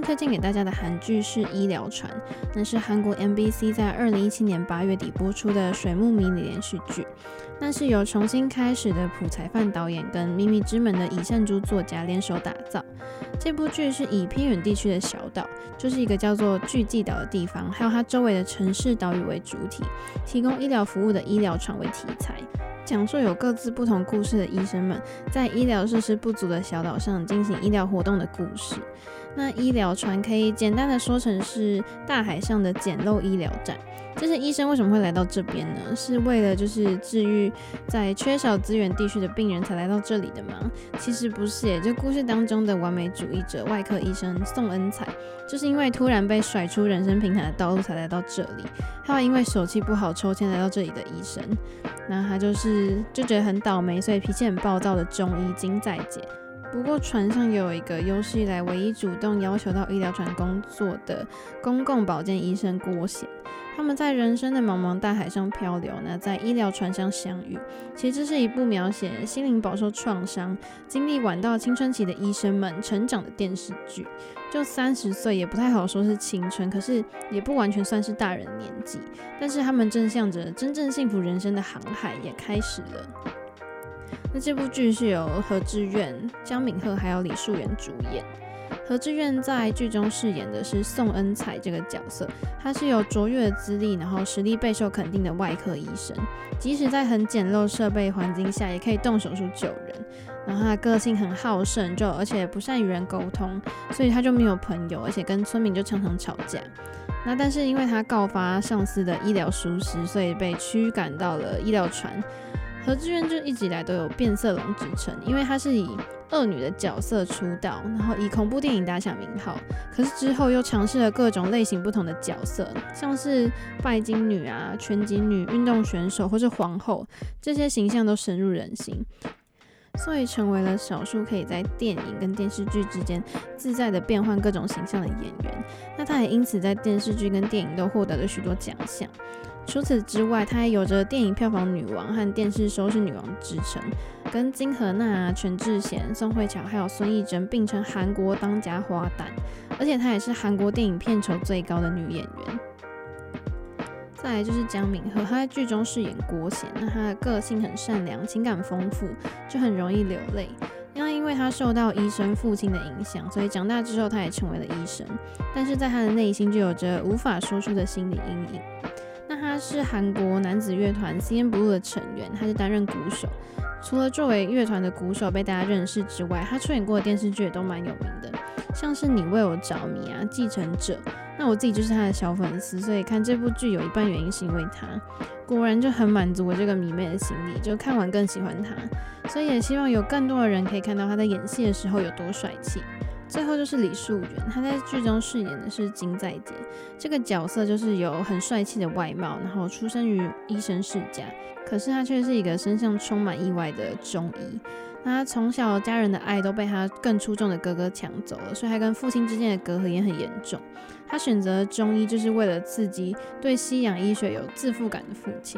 推薦給大家的韓劇是《醫療船》，那是韓國 MBC 在二零一七年八月底播出的水木迷你連續劇。那是由重新開始的朴才范導演跟《秘密之門》的尹善珠作家聯手打造。這部劇是以偏遠地區的小島，就是一個叫做巨濟島的地方，還有它周圍的城市島嶼為主體，提供醫療服務的醫療船為題材，講述有各自不同故事的醫生們在醫療設施不足的小島上進行醫療活動的故事。那醫療船可以簡單的說成是大海上的簡陋醫療站。這些醫生為什麼會來到這邊呢？是為了就是治癒在缺少資源地區的病人才來到這裡的嗎？其實不是耶，就故事當中的完美主義者外科醫生宋恩才就是因為突然被甩出人生平台的道路才來到這裡。還有因為手氣不好抽籤來到這裡的醫生，那他就是就覺得很倒霉，所以脾氣很暴躁的中醫金在傑。不過船上也有一個有史以來唯一主動要求到醫療船工作的公共保健醫生郭賢，他們在人生的茫茫大海上漂流，那在醫療船上相遇。其實這是一部描寫心靈飽受創傷、經歷晚到青春期的醫生們成長的電視劇。就三十歲也不太好說是青春，可是也不完全算是大人年紀。但是他們正向着真正幸福人生的航海也開始了。那這部劇是由河智苑、姜敏赫還有李曙原主演。河智苑在劇中飾演的是宋恩彩這個角色，他是有卓越的資歷，然後實力備受肯定的外科醫生，即使在很簡陋設備環境下，也可以動手術救人。然後他的個性很好勝，就而且不善與人溝通，所以他就沒有朋友，而且跟村民就常常吵架。那但是因為他告發上司的醫療疏失，所以被驅趕到了醫療船。河智苑就一直以來都有變色龍之稱，因為他是以惡女的角色出道，然後以恐怖電影打響名號。可是之後又嘗試了各種類型不同的角色，像是拜金女啊、拳擊女、運動選手或是皇後，這些形象都深入人心，所以成為了少數可以在電影跟電視劇之間自在的變換各種形象的演員。那他也因此在電視劇跟電影都獲得了許多獎項。除此之外，她還有着電影票房女王和電視收視女王之稱，跟金荷娜、全智賢、宋慧喬還有孫藝珍並稱韓國當家花旦。而且她也是韓國電影片酬最高的女演員。再來就是姜敏赫，她在劇中飾演郭賢。那她的個性很善良，情感豐富，就很容易流淚。因為她受到醫生父親的影響，所以長大之後她也成為了醫生。但是在她的內心就有着無法說出的心理陰影。他是韓國男子樂團 CNBLUE 的成員，他是擔任鼓手。除了作為樂團的鼓手被大家認識之外，他出演過的電視劇也都蠻有名的，像是《你為我着迷》啊，《繼承者》。那我自己就是他的小粉絲，所以看這部劇有一半原因是因為他。果然就很滿足我這個迷妹的心理，就看完更喜歡他，所以也希望有更多的人可以看到他在演戲的時候有多帥氣。最後就是李曙原，她在劇中飾演的是金在杰這個角色，就是有很帥氣的外貌，然後出生於醫生世家，可是他卻是一個身上充滿意外的中醫。那他從小家人的愛都被他更出眾的哥哥搶走了，所以他跟父親之間的隔閡也很嚴重。他選擇中醫就是為了刺激對西洋醫學有自負感的父親。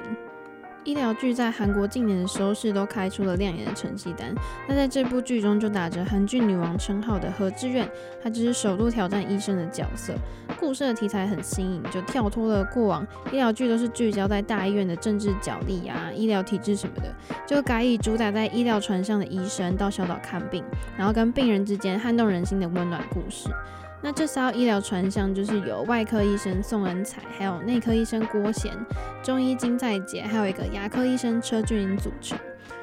醫療劇在韓國近年的收視都開出了亮眼的成績單。那在這部劇中，就打着韓劇女王稱號的河智苑，她只是首度挑戰醫生的角色。故事的題材很新穎，就跳脫了過往醫療劇都是聚焦在大醫院的政治角力啊、醫療體制什麼的，就改以主打在醫療船上的醫生到小島看病，然後跟病人之間撼動人心的溫暖故事。那這艘醫療船上就是由外科醫生宋恩彩，還有內科醫生郭賢、中醫金在杰，還有一個牙科醫生車俊英組成，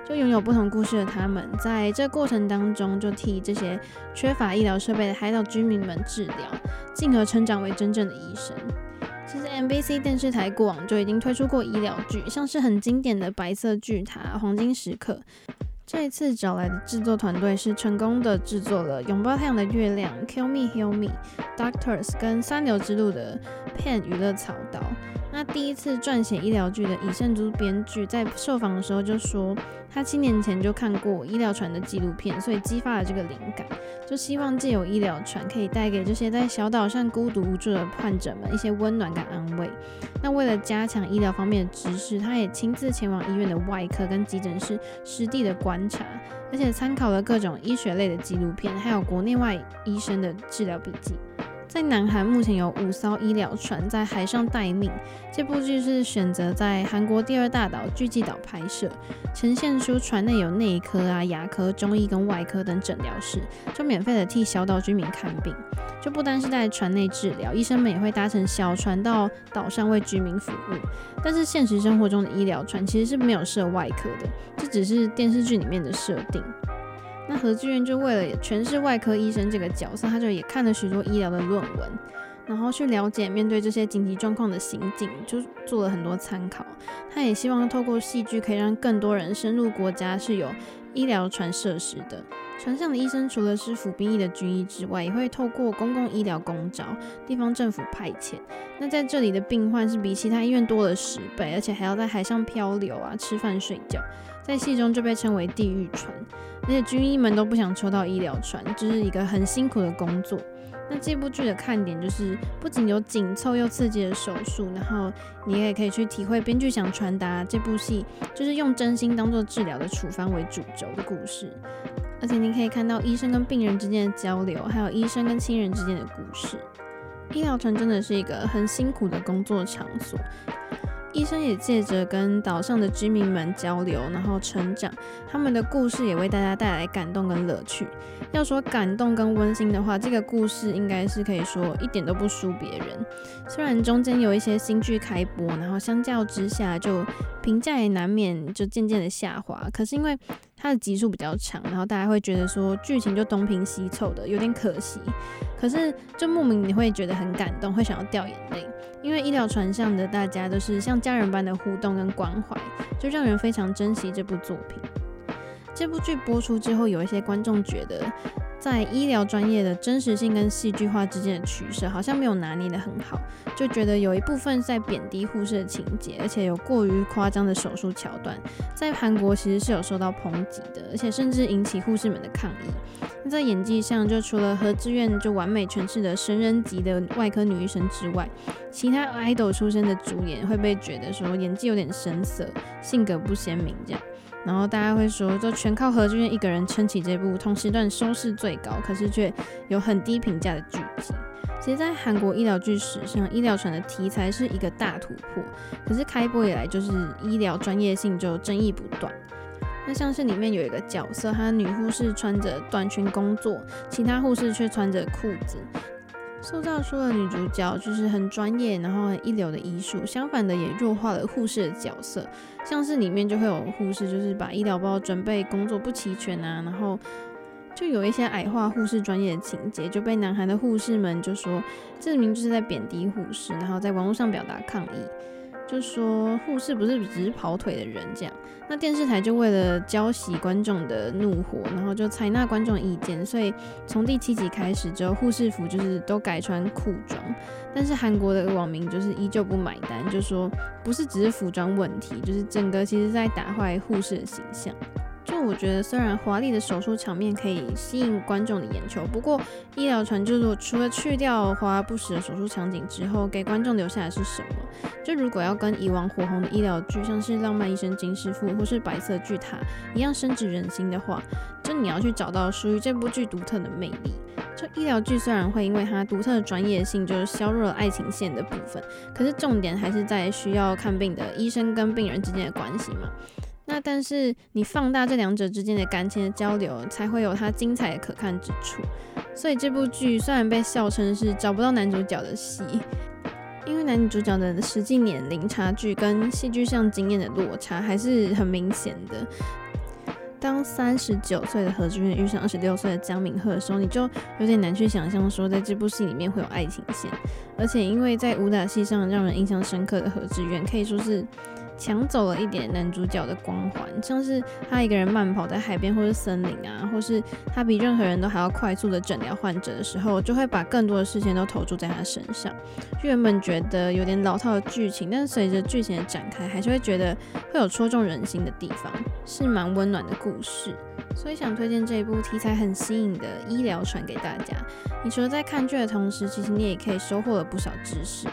就擁有不同故事的他們，在這過程當中就替這些缺乏醫療設備的海島居民們治療，進而成長為真正的醫生。其實 MBC 電視台過往就已經推出過醫療劇，像是很經典的《白色巨塔》、《黃金時刻》。這一次找來的制作團隊是成功的制作了《擁抱太陽的月亮》、《Kill Me Heal Me》、《Doctors》跟《三流之路的娛樂》的片娛樂操刀。那第一次撰寫醫療劇的尹善珠編劇在受訪的時候就說，他七年前就看過醫療船的紀錄片，所以激發了這個靈感，就希望借由醫療船可以帶給這些在小島上孤獨無助的患者們一些溫暖跟安慰。那為了加強醫療方面的知識，他也親自前往醫院的外科跟急診室實地的觀察，而且參考了各種醫學類的紀錄片，還有國內外醫生的治療筆記。在南韓目前有五艘醫療船在海上待命。這部劇是選擇在韓國第二大島巨濟島拍攝，呈現出船內有內科啊、牙科、中醫跟外科等診療室，就免費的替小島居民看病。就不單是在船內治療，醫生們也會搭乘小船到島上為居民服務。但是現實生活中的醫療船其實是沒有設外科的，這只是電視劇裡面的設定。那河智苑就為了詮釋外科醫生這個角色，他就也看了許多醫療的論文，然後去了解面對這些緊急狀況的行徑，就做了很多參考。他也希望透過戲劇可以讓更多人深入國家是有醫療船設施的。船上的醫生除了是服兵役的軍醫之外，也會透過公共醫療公招、地方政府派遣。那在這裡的病患是比其他醫院多了十倍，而且還要在海上漂流啊，吃飯睡覺，在戲中就被稱為地獄船。而且軍醫們都不想抽到醫療船，這，就是一個很辛苦的工作。那這部劇的看點就是，不僅有緊湊又刺激的手術，然後你也可以去體會編劇想傳達這部戲，就是用真心當做治療的處方為主軸的故事。而且你可以看到醫生跟病人之間的交流，還有醫生跟親人之間的故事。醫療船真的是一個很辛苦的工作場所。醫生也借着跟島上的居民們交流，然後成長，他們的故事也為大家帶來感動跟樂趣。要說感動跟溫馨的話，這個故事應該是可以說一點都不輸別人。雖然中間有一些新劇開播，然後相較之下就評價也難免就漸漸的下滑。可是因為它的集數比較長，然後大家會覺得說劇情就東拼西湊的，有點可惜。可是就莫名你會覺得很感動，會想要掉眼淚。因為醫療船上的大家都是像家人般的互動跟關懷，就讓人非常珍惜這部作品。這部劇播出之後，有一些觀眾覺得。在醫療專業的真實性跟戲劇化之間的取捨，好像沒有拿捏得很好，就覺得有一部分在貶低護士的情節，而且有過於誇張的手術橋段，在韓國其實是有受到抨擊的，而且甚至引起護士們的抗議。那在演技上，就除了河智苑就完美詮釋的神人級的外科女醫生之外，其他愛豆出身的主演會被覺得說演技有點生澀，性格不鮮明這樣。然後大家會說，就全靠河智苑一個人撐起這部同時段收視最高，可是卻有很低評價的劇集。其實，在韓國醫療劇史上，《醫療船》的題材是一個大突破，可是開播以來就是醫療專業性就爭議不斷。那像是裡面有一個角色，她女護士穿着短裙工作，其他護士卻穿着褲子。塑造出了女主角就是很專業，然後很一流的醫術。相反的，也弱化了護士的角色，像是裡面就會有護士就是把醫療包準備工作不齊全啊，然後就有一些矮化護士專業的情節，就被南韓的護士們就說，這明明就是在貶低護士，然後在網絡上表達抗議。就說護士不是只是跑腿的人這樣，那電視台就為了澆熄觀眾的怒火，然後就採納觀眾意見，所以從第七集開始之後，護士服就是都改穿褲裝。但是韓國的網民就是依舊不買單，就說不是只是服裝問題，就是整個其實在打壞護士的形象。就我覺得，雖然華麗的手術場面可以吸引觀眾的眼球，不過醫療船製作除了去掉華而不實的手術場景之後，給觀眾留下的是什麼？就如果要跟以往火紅的醫療劇，像是《浪漫醫生金師傅》或是《白色巨塔》一樣深植人心的話，就你要去找到屬於這部劇獨特的魅力。就醫療劇雖然會因為它獨特的專業性，就是削弱了愛情線的部分，可是重點還是在需要看病的醫生跟病人之間的關係嘛。那但是你放大這兩者之間的感情的交流，才會有它精彩的可看之處。所以這部劇雖然被笑稱是找不到男主角的戲，因為男主角的實際年齡差距跟戲劇上經驗的落差還是很明顯的。當三十九歲的河智苑遇上二十六歲的姜敏赫的時候，你就有點難去想象說在這部戲裡面會有愛情線。而且因為在武打戲上讓人印象深刻的河智苑，可以說是。搶走了一點男主角的光環，像是他一個人慢跑在海邊或是森林啊，或是他比任何人都還要快速的診療患者的時候，就會把更多的視線都投注在他身上。原本覺得有點老套的劇情，但隨着劇情的展開，還是會覺得會有戳中人心的地方，是蠻溫暖的故事。所以想推薦這一部題材很新穎的醫療船給大家。你除了在看劇的同時，其實你也可以收穫了不少知識。